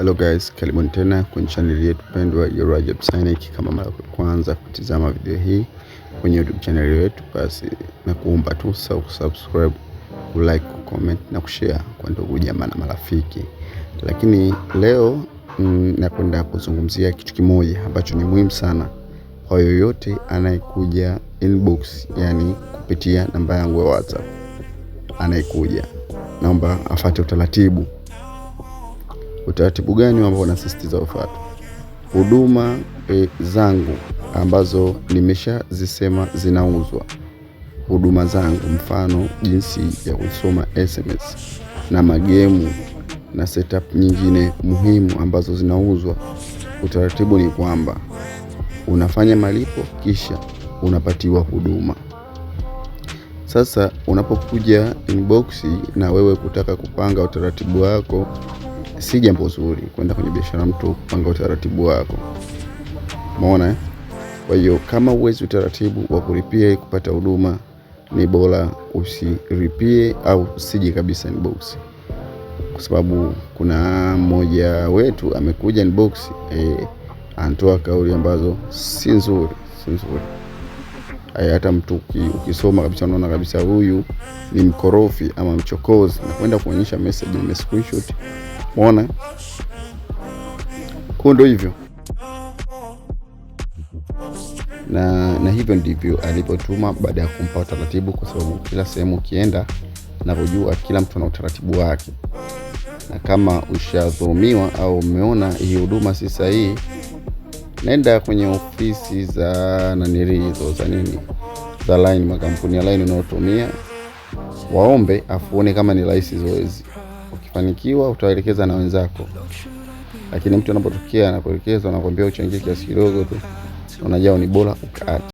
Hello guys, karibuni tena kwenye channel yetu pendwa ya Rajab Synic. Kama mara ya kwanza kutizama video hii kwenye YouTube channel yetu, basi na kuomba tu subscribe, ku like, ku comment na kushare kwa ndugu jamaa na marafiki. Lakini leo mm, nakwenda kuzungumzia kitu kimoja ambacho ni muhimu sana kwa yoyote anayekuja inbox, yani kupitia namba yangu ya WhatsApp, anayekuja naomba afate utaratibu utaratibu gani ambao nasisitiza ufuate? Huduma e, zangu ambazo nimeshazisema zinauzwa, huduma zangu, mfano jinsi ya kusoma SMS na magemu na setup nyingine muhimu ambazo zinauzwa, utaratibu ni kwamba unafanya malipo kisha unapatiwa huduma. Sasa unapokuja inbox na wewe kutaka kupanga utaratibu wako si jambo zuri kwenda kwenye biashara mtu kupanga utaratibu wako, umeona eh? Kwa hiyo kama uwezi utaratibu wa kulipia kupata huduma, ni bora usiripie au usije kabisa inbox, kwa sababu kuna mmoja wetu amekuja inbox eh, anatoa kauli ambazo si nzuri, si nzuri eh, hata mtu ukisoma kabisa unaona kabisa huyu ni mkorofi ama mchokozi, na kwenda kuonyesha message, nime screenshot Mwona kwa ndo hivyo na, na hivyo ndivyo alivyotuma baada ya kumpa utaratibu, kwa sababu kila sehemu ukienda, navyojua kila mtu ana utaratibu wake, na kama ushadhulumiwa au umeona hii huduma si sahihi, naenda kwenye ofisi za nanili hizo za nini za line, makampuni ya line unaotumia waombe afuone kama ni rahisi zoezi ukifanikiwa utaelekeza na wenzako, lakini mtu anapotokea anakuelekeza, anakuambia uchangie kiasi kidogo tu, unajua ni bora ukaache.